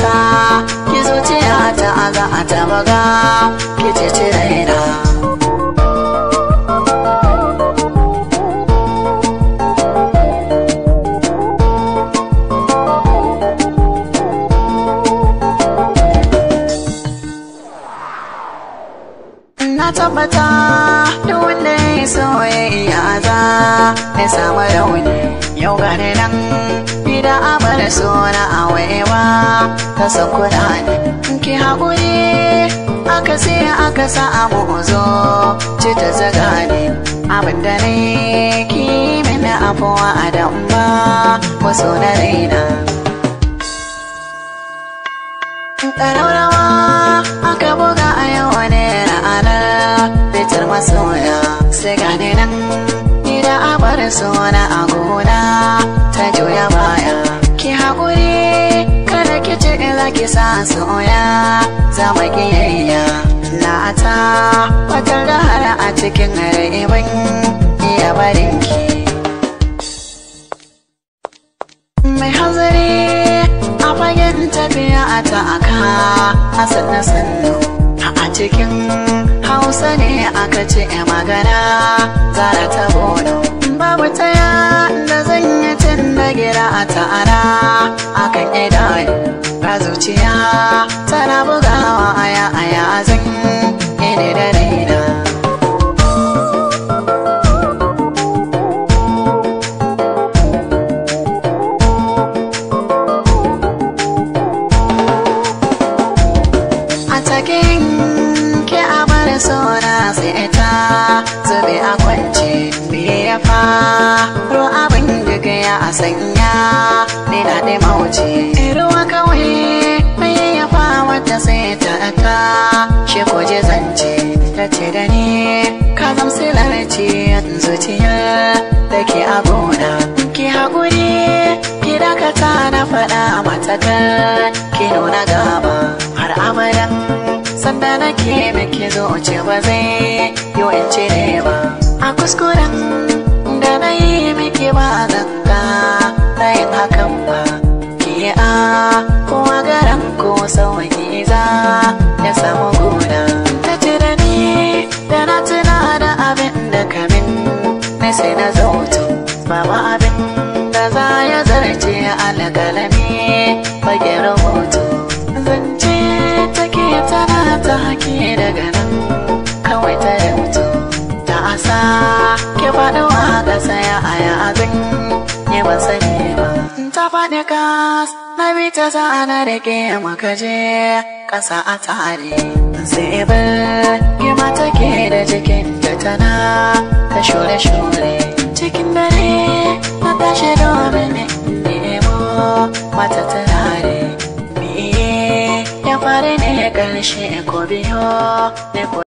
sa ki zuciya ta aga a tabaga ki ce ce raina na tabbata duk wanda ya soyayya za ya samu ne yau gane nan da abar suna awaiwa ta sakura ne ki haƙuri aka sai aka sa abu zo ce ta zaga ne abinda ne ki mini afuwa a damba wasu na raina aka buga a yau wani ra'anar fitar sai gane nan ni da abar suna a ki sa soya za mu kiyayya lata wata rahara a cikin raibin iya ki mai hazari a fagen tafiya a ta'aka a sannu sannu a cikin hausa ne aka ce magana zara ta bono babu ta da zan yi cin da gira a ta'ara akan idanu zuciya tana bugawa aya aya zan ne da raina attacking zuciya da ke a gona ki haƙuri ki dakata na faɗa mataka ki nuna gaba har amadan sanda na ke miki zuci ba zai yi in ne ba a kuskuren sai na zautu babu abin da za ya zarce alƙalami fage rubutu zance take tana ta haƙi daga nan kawai ta rubutu ta asa ke faɗawa ga saya a yanzu ne ban sani ba ta faɗi gas. na bi ta sa'ana da ke makaje ƙasa a tare zai bar ke mata ke da jikin da tana shure-shure cikin dare na tashi domin nemo mata turare me ya fara ne karshe ko biyo